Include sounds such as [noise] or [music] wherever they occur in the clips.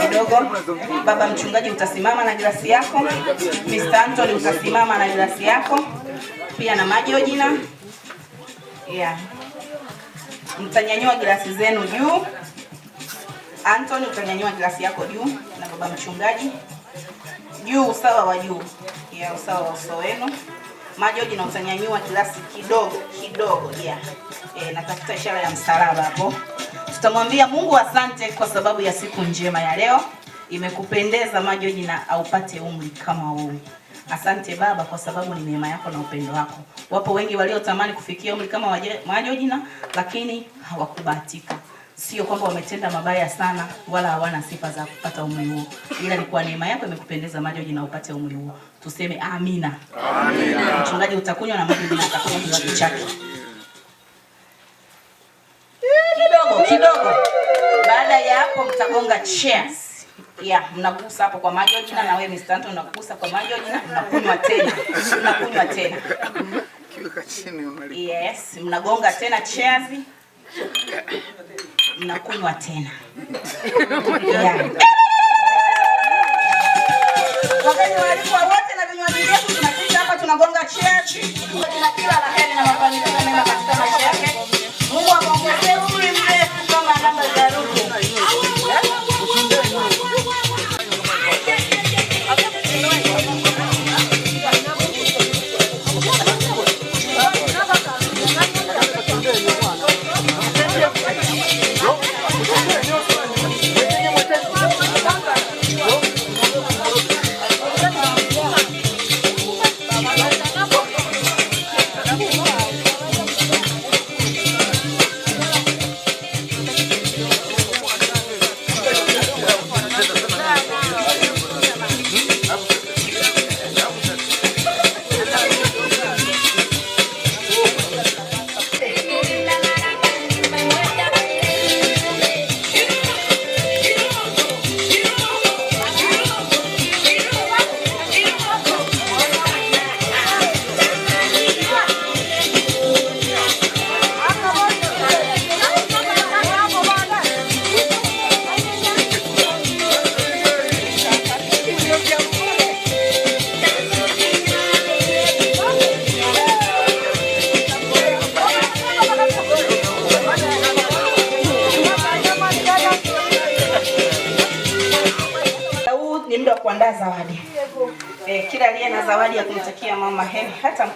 kidogo. Baba mchungaji, utasimama na glasi yako. Mr. Anthony, utasimama na glasi yako pia na maji Ojina. Yeah. Mtanyanyua glasi zenu juu. Anthony, utanyanyua glasi yako juu na baba mchungaji juu, usawa wa juu ya usawa wa uso wenu. Majoji, na utanyanyua glasi kidogo kidogo, yeah. E, natafuta ishara ya msalaba hapo. Tutamwambia Mungu asante kwa sababu ya siku njema ya leo, imekupendeza Majoji na aupate umri kama huu. Asante Baba kwa sababu ni neema yako na upendo wako. Wapo wengi waliotamani kufikia umri kama Majoji na lakini hawakubahatika sio kwamba wametenda mabaya sana wala hawana sifa za kupata umri huo, ila ni kwa neema yako imekupendeza Majoji na upate umri huo. Tuseme amina, amina. Mchungaji utakunywa na Majoji na atakunywa kilabu chake eh, kidogo kidogo. Baada ya hapo, mtagonga cheers. Yeah, mnagusa hapo kwa Majoji na wewe Mr. Anton unagusa kwa Majoji na mnakunywa tena, mnakunywa tena Kiweka chini yes, mnagonga tena cheers mnakunywa tena yeah. [laughs] wote na vinywaji tunagonga chechi. Tuna la heri na mafanikio mema katika maisha.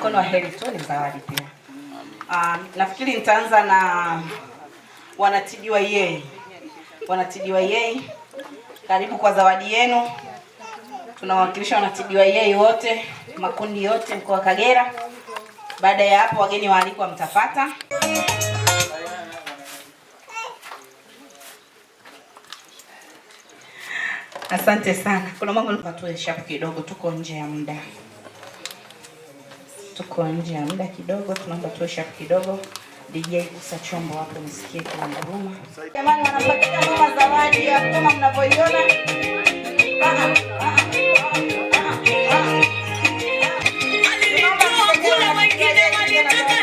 mkono wa heri tu ni zawadi pia. Uh, nafikiri nitaanza na wanatijiwa yei, wanatijiwa yei, karibu kwa zawadi yenu. Tunawakilisha wanatijiwa yei wote, makundi yote, mkoa wa Kagera. Baada ya hapo, wageni waalikwa mtapata Asante sana. Kuna mambo nipatue shapu kidogo, tuko nje ya muda. Tuko nje ya muda kidogo, tunaomba tuwe sharp kidogo. DJ kusa chombo hapo, nisikie kwa nguruma. Jamani, wanapatia mama zawadi ya kama mnavyoiona. ah ah ah, ah, ah, ah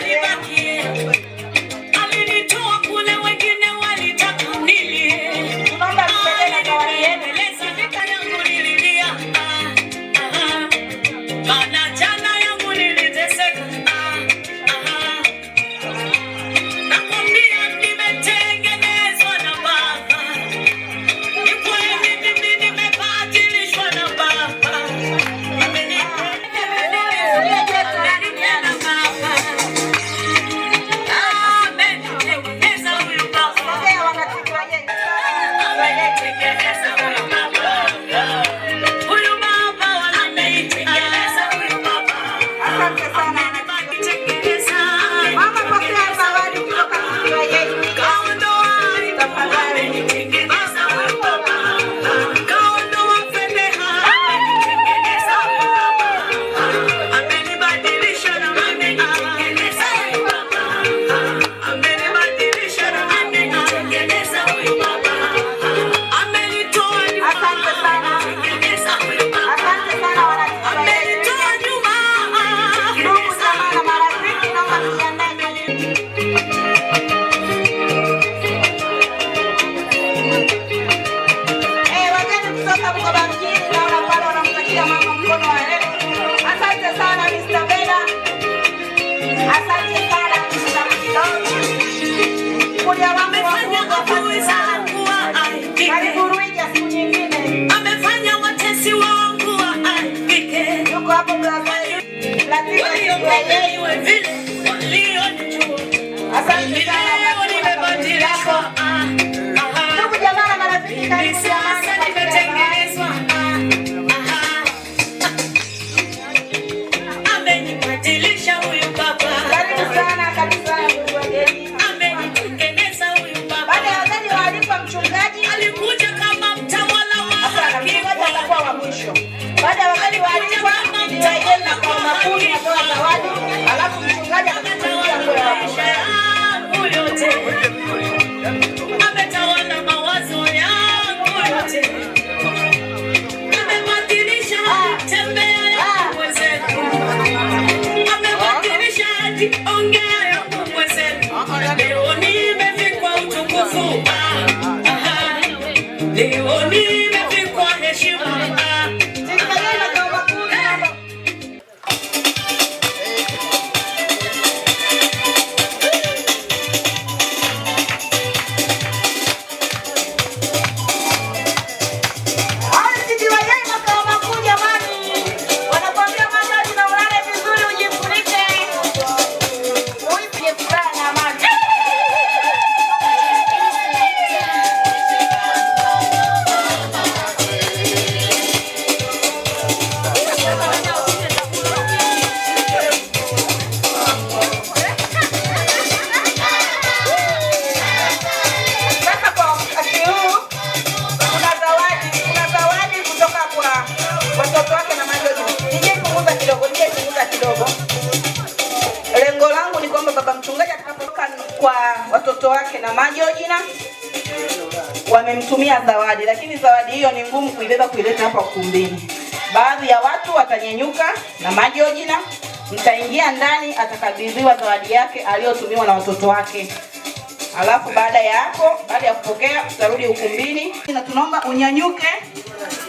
ndio nimevikwa heshima watoto wake na Majojina wamemtumia zawadi, lakini zawadi hiyo ni ngumu kuibeba kuileta hapa ukumbini. Baadhi ya watu watanyenyuka na Majojina, mtaingia ndani, atakabidhiwa zawadi yake aliyotumiwa na watoto wake. Alafu baada ya hapo, baada ya kupokea, tutarudi ukumbini na tunaomba unyanyuke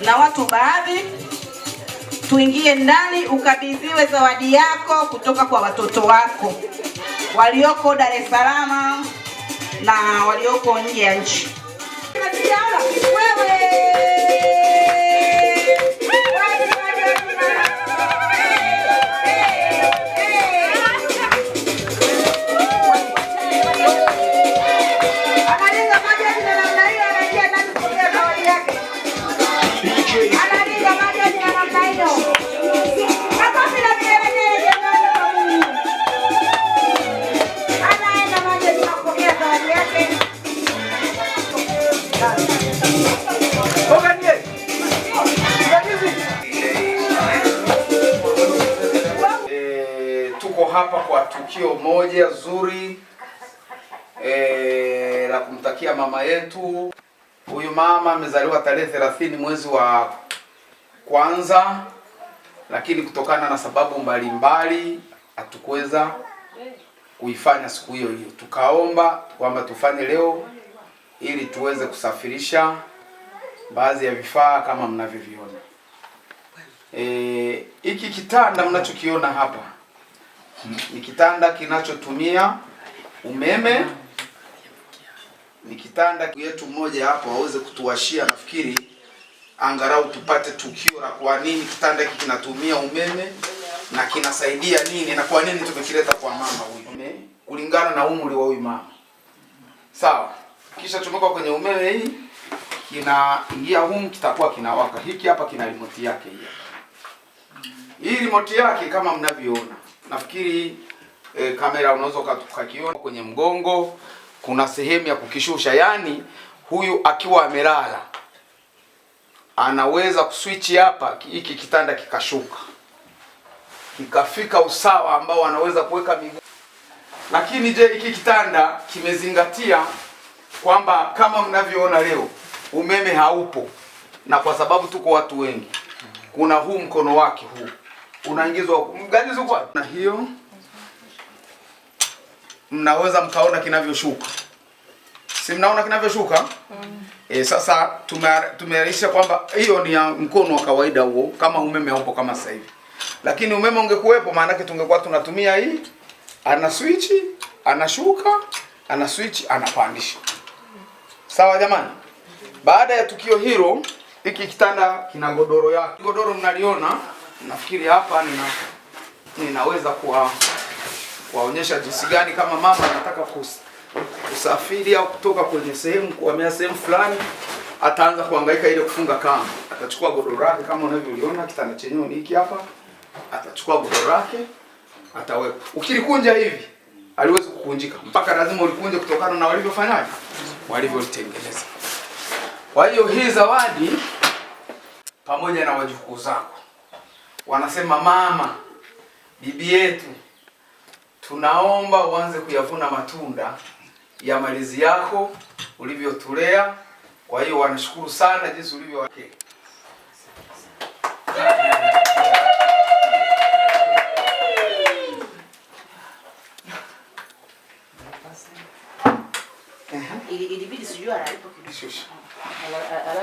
na watu baadhi tuingie ndani ukabidhiwe zawadi yako kutoka kwa watoto wako walioko Dar es Salaam na walioko nje ya nchi. la kumtakia mama yetu. Huyu mama amezaliwa tarehe 30 mwezi wa kwanza, lakini kutokana na sababu mbalimbali hatukuweza kuifanya siku hiyo hiyo, tukaomba kwamba tufanye leo ili tuweze kusafirisha baadhi ya vifaa kama mnavyoviona. E, hiki e, kitanda mnachokiona hapa ni kitanda kinachotumia umeme ni kitanda yetu mmoja hapo aweze kutuwashia, nafikiri angalau tupate tukio la kwa nini kitanda hiki kinatumia umeme na kinasaidia nini na kwa nini tumekileta kwa mama huyu kulingana na umri wa huyu mama. Sawa, kisha tumekwa kwenye umeme hii kinaingia humu, kitakuwa kinawaka. Hiki hapa kina remote yake hii. Hii remote yake kama mnavyoona, nafikiri eh, kamera unaweza ukakiona kwenye mgongo kuna sehemu ya kukishusha, yaani huyu akiwa amelala anaweza kuswichi hapa, hiki kitanda kikashuka kikafika usawa ambao anaweza kuweka miguu. Lakini je, hiki kitanda kimezingatia kwamba kama mnavyoona leo umeme haupo, na kwa sababu tuko watu wengi, kuna huu mkono wake huu unaingizwa na hiyo mnaweza mkaona kinavyoshuka, si mnaona kinavyoshuka mm. E, sasa tumearisha kwamba hiyo ni ya mkono wa kawaida huo, kama umeme haupo kama sasa hivi, lakini umeme ungekuwepo, maana yake tungekuwa tunatumia hii, ana switch anashuka, ana switch anapandisha. Sawa jamani, baada ya tukio hilo, hiki kitanda kina godoro yake. Godoro mnaliona, nafikiri hapa nina ninaweza kuwa waonyesha jinsi gani kama mama anataka kusafiri au kutoka kwenye sehemu kuhamia sehemu fulani, ataanza kuhangaika ile kufunga kamba. Atachukua godoro lake kama unavyoiona, kitanda chenyewe ni hiki hapa. Atachukua godoro lake ataweka. Ukilikunja hivi aliwezi kukunjika, mpaka lazima ulikunje kutokana na walivyofanyaje, walivyotengeneza. Kwa hiyo hii zawadi pamoja na wajukuu zako wanasema, mama, bibi yetu tunaomba uanze kuyavuna matunda ya malizi yako ulivyotulea. Kwa hiyo wanashukuru sana jinsi ulivyo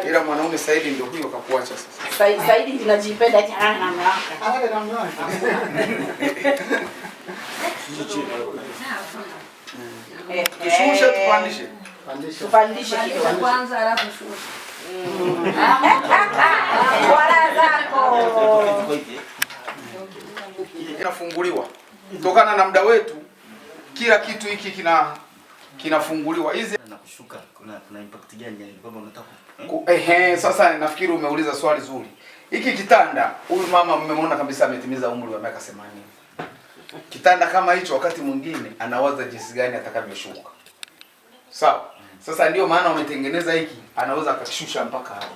ila mwanaume Saidi ndio huyo kakuacha sasa. Saidi tunajipenda jana [laughs] Tushushe eh, eh. tupandishe. Tupandishe kitu kwanza alafu shushe. Mm. [laughs] Inafunguliwa. Kutokana na muda wetu kila kitu hiki kina kinafunguliwa. Hizi na kushuka kuna kuna impact gani yani kwamba unataka eh? ehe, sasa nafikiri umeuliza swali zuri. Hiki kitanda huyu mama mmemwona kabisa ametimiza umri wa miaka 80 kitanda kama hicho, wakati mwingine anawaza jinsi gani atakavyoshuka. Sawa. Sasa ndio maana wametengeneza hiki, anaweza akashusha mpaka hapo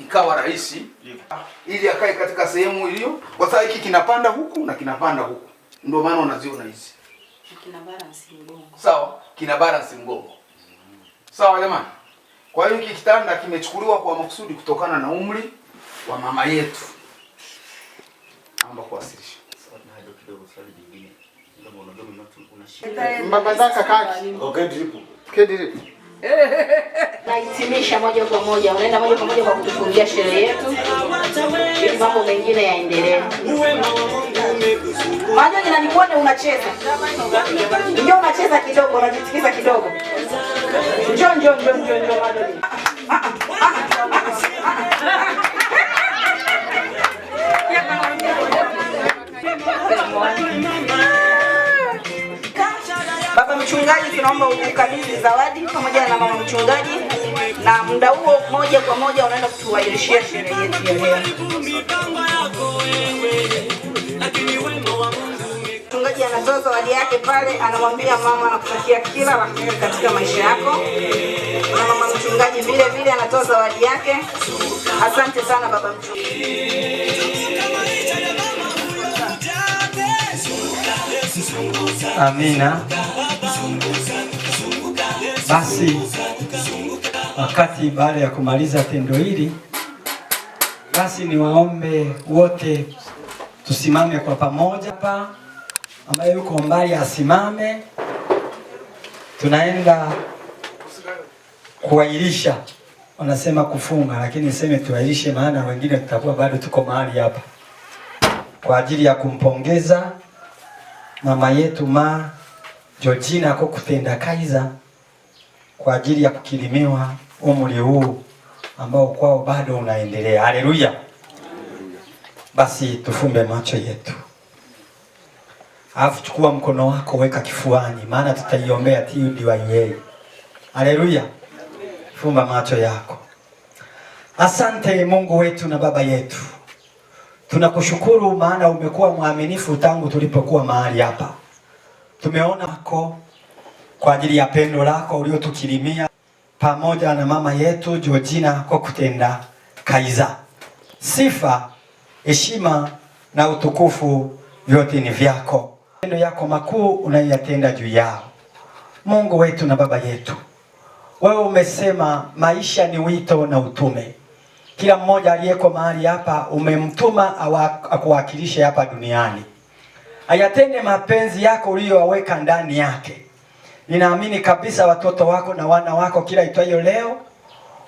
ikawa rahisi ili akae katika sehemu iliyo, kwa sababu hiki kinapanda huku na kinapanda huku, ndio maana unaziona hizi, kina balance mgongo. Sawa, kina balance mgongo. Sawa jamani, kwa hiyo hiki kitanda kimechukuliwa kwa makusudi kutokana na umri wa mama yetu, naomba kuwasilisha. Baba zako kakaki. Nahitimisha moja kwa moja, unaenda moja kwa moja kwa kutufungia sherehe yetu, ili mambo mengine yaendelee. Majoji, nanikuone unacheza, ndio unacheza kidogo, unajitikisa kidogo. Njoo, njoo, njoo, njoo, njoo Majoji. [laughs] mchungaji, tunaomba ukabidhi zawadi pamoja na mama mchungaji, na muda huo moja kwa moja unaenda kutuwailishia sherehe yetu ya leo. Mchungaji anatoa zawadi yake pale, anamwambia mama, anakutakia kila la heri katika maisha yako, na mama mchungaji vile vile anatoa zawadi yake. Asante sana baba mchungaji. Amina. Basi wakati baada ya kumaliza tendo hili, basi niwaombe wote tusimame kwa pamoja. Hapa ambaye yuko mbali asimame, tunaenda kuwailisha wanasema kufunga, lakini niseme tuwailishe, maana wengine tutakuwa bado tuko mahali hapa kwa ajili ya kumpongeza mama yetu ma Georgina kwa kutenda kaiza kwa ajili ya kukirimiwa umri huu ambao kwao bado unaendelea. Haleluya! Basi tufumbe macho yetu, alafu chukua mkono wako weka kifuani, maana tutaiombea TDYUA. Haleluya! Fumba macho yako. Asante Mungu wetu na Baba yetu, tunakushukuru maana umekuwa mwaminifu tangu tulipokuwa mahali hapa, tumeona wako kwa ajili ya pendo lako uliotukirimia pamoja na mama yetu Georgina kwa kutenda kaiza. Sifa, heshima na utukufu vyote ni vyako. Pendo yako makuu unayatenda juu yao. Mungu wetu na Baba yetu, wewe umesema maisha ni wito na utume. Kila mmoja aliyeko mahali hapa umemtuma akuwakilishe hapa duniani, ayatende mapenzi yako uliyoweka ndani yake Ninaamini kabisa watoto wako na wana wako kila itwayo leo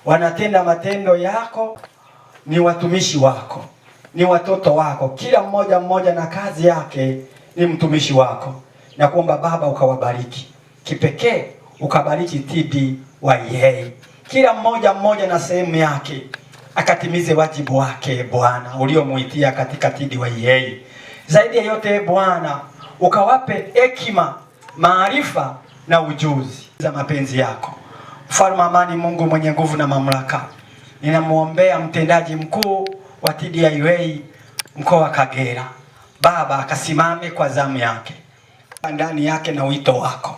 wanatenda matendo yako, ni watumishi wako, ni watoto wako. Kila mmoja mmoja na kazi yake ni mtumishi wako, na kuomba Baba ukawabariki kipekee, ukabariki yeye, kila mmoja mmoja na sehemu yake, akatimize wajibu wake Bwana uliomuitia katika yeye. Zaidi ya yote Bwana ukawape hekima, maarifa na ujuzi za mapenzi yako. Mfalme amani, Mungu mwenye nguvu na mamlaka, ninamwombea mtendaji mkuu wa TDIA mkoa wa Kagera, Baba akasimame kwa zamu yake ndani yake na wito wako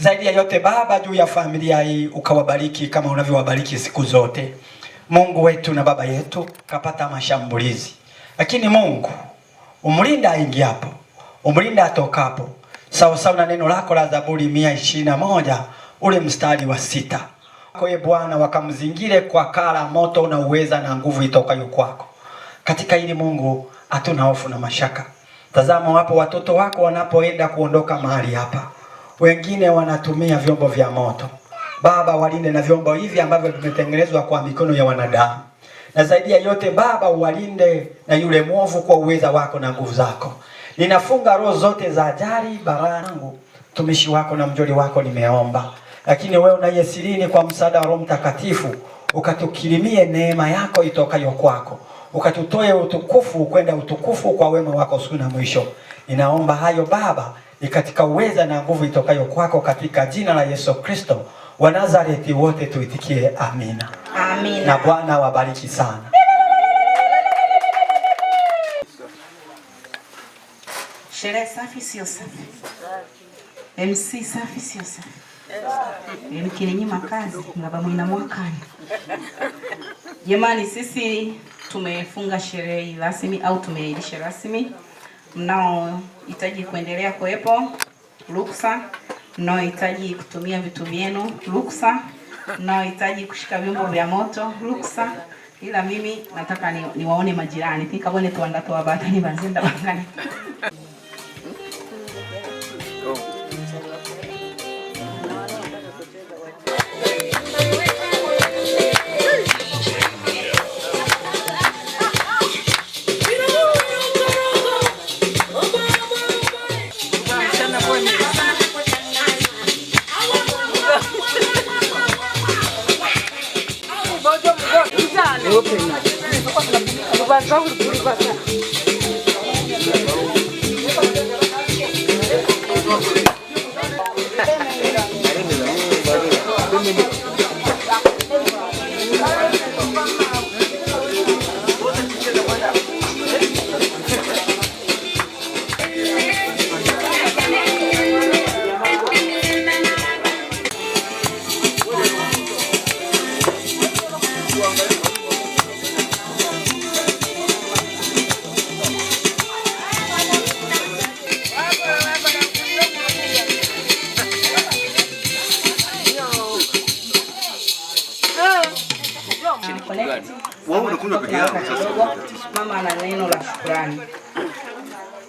zaidi ya yote Baba, juu ya familia hii ukawabariki kama unavyowabariki siku zote. Mungu wetu na baba yetu, kapata mashambulizi, lakini Mungu umlinda aingiapo, umlinda atokapo sawasawa na neno lako la Zaburi mia ishirini na moja ule mstari wa sita. Kwa Bwana wakamzingire kwa kala moto na uweza na nguvu itokayo kwako. Katika hili Mungu hatuna hofu na mashaka. Tazama, wapo watoto wako wanapoenda kuondoka mahali hapa, wengine wanatumia vyombo vya moto. Baba, walinde na vyombo hivi ambavyo vimetengenezwa kwa mikono ya wanadamu, na zaidi ya yote Baba, uwalinde na yule mwovu kwa uweza wako na nguvu zako. Ninafunga roho zote za ajali, barangu Mtumishi wako na mjoli wako nimeomba, lakini wewe unaye sirini, kwa msaada wa Roho Mtakatifu ukatukirimie neema yako itokayo kwako, ukatutoe utukufu kwenda utukufu kwa wema wako siku na mwisho. Ninaomba hayo Baba, ni katika uweza na nguvu itokayo kwako, katika jina la Yesu Kristo wa Nazareti, wote tuitikie amina, amina. Na Bwana wabariki sana. Sherehe safi sio safi? MC safi sio safi? Mkininyima kazi mnaba mwakani. Jamani, sisi tumefunga sherehe rasmi au tumeahirisha rasmi. Mnaohitaji kuendelea kuwepo ruksa, mnaohitaji kutumia vitu vyenu ruksa, mnaohitaji kushika vyombo vya moto ruksa, ila mimi nataka niwaone ni majirani pikabone tuandatoa batani bazinda bangani Mama ana neno la shukrani,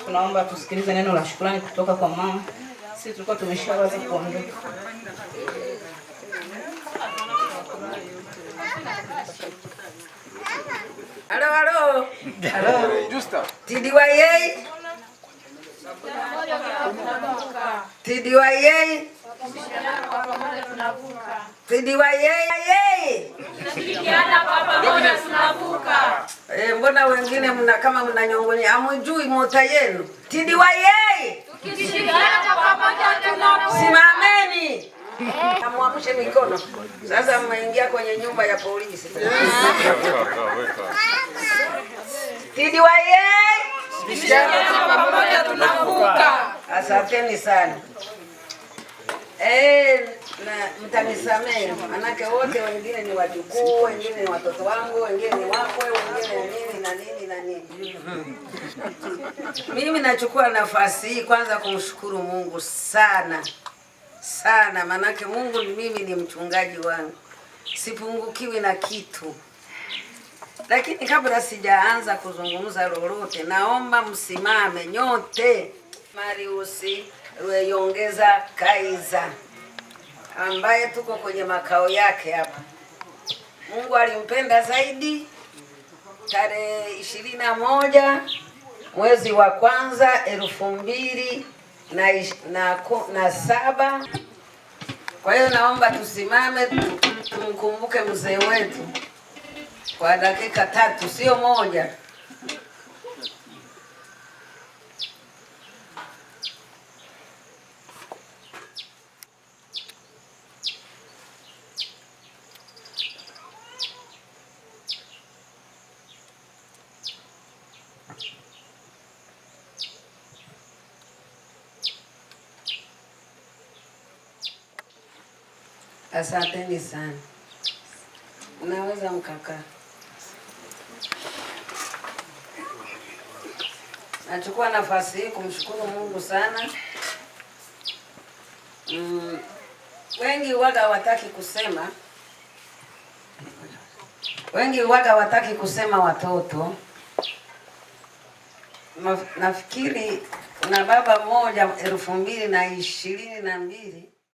tunaomba tusikilize neno la shukrani kutoka kwa mama. Sisi tulikuwa tumeshawaza kuondoka. Halo, halo. Halo. TDYA. TDYA. Fidiwa yeye yeye. tunavuka. Eh, mbona wengine mna kama mnanyongonya amujui mota yenu. Tidiwa yeye. tunavuka. Simameni. Amwamshe mikono. Sasa mmeingia kwenye nyumba ya polisi. Tidiwa yeye. tunavuka. Asanteni sana. Eh, na manake wote wengine ni wajukuu, wengine ni watoto wangu, wengine ni wakwe, wengine nini na nini na nini. [laughs] Mimi nachukua nafasi hii kwanza kumshukuru Mungu sana sana, manake Mungu mimi ni mchungaji wangu, sipungukiwi na kitu. Lakini kabla sijaanza kuzungumza lolote, naomba msimame nyote Mariusi Weyongeza Kaiza ambaye tuko kwenye makao yake hapa. Mungu alimpenda zaidi. Tarehe ishirini na moja mwezi wa kwanza elfu mbili na, na, na saba. Kwa hiyo naomba tusimame tumkumbuke mzee wetu kwa dakika tatu, sio moja. Asanteni sana, naweza mkakaa. Nachukua nafasi hii kumshukuru Mungu sana. Mm, wengi waga wataki kusema, wengi waga wataki kusema watoto. Nafikiri kuna baba mmoja elfu mbili na ishirini na mbili